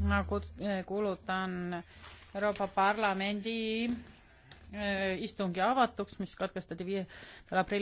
ma eh, kuulutan Euroopa Parlamendi eh, istungi avatuks, mis katkestati viiendal aprillil.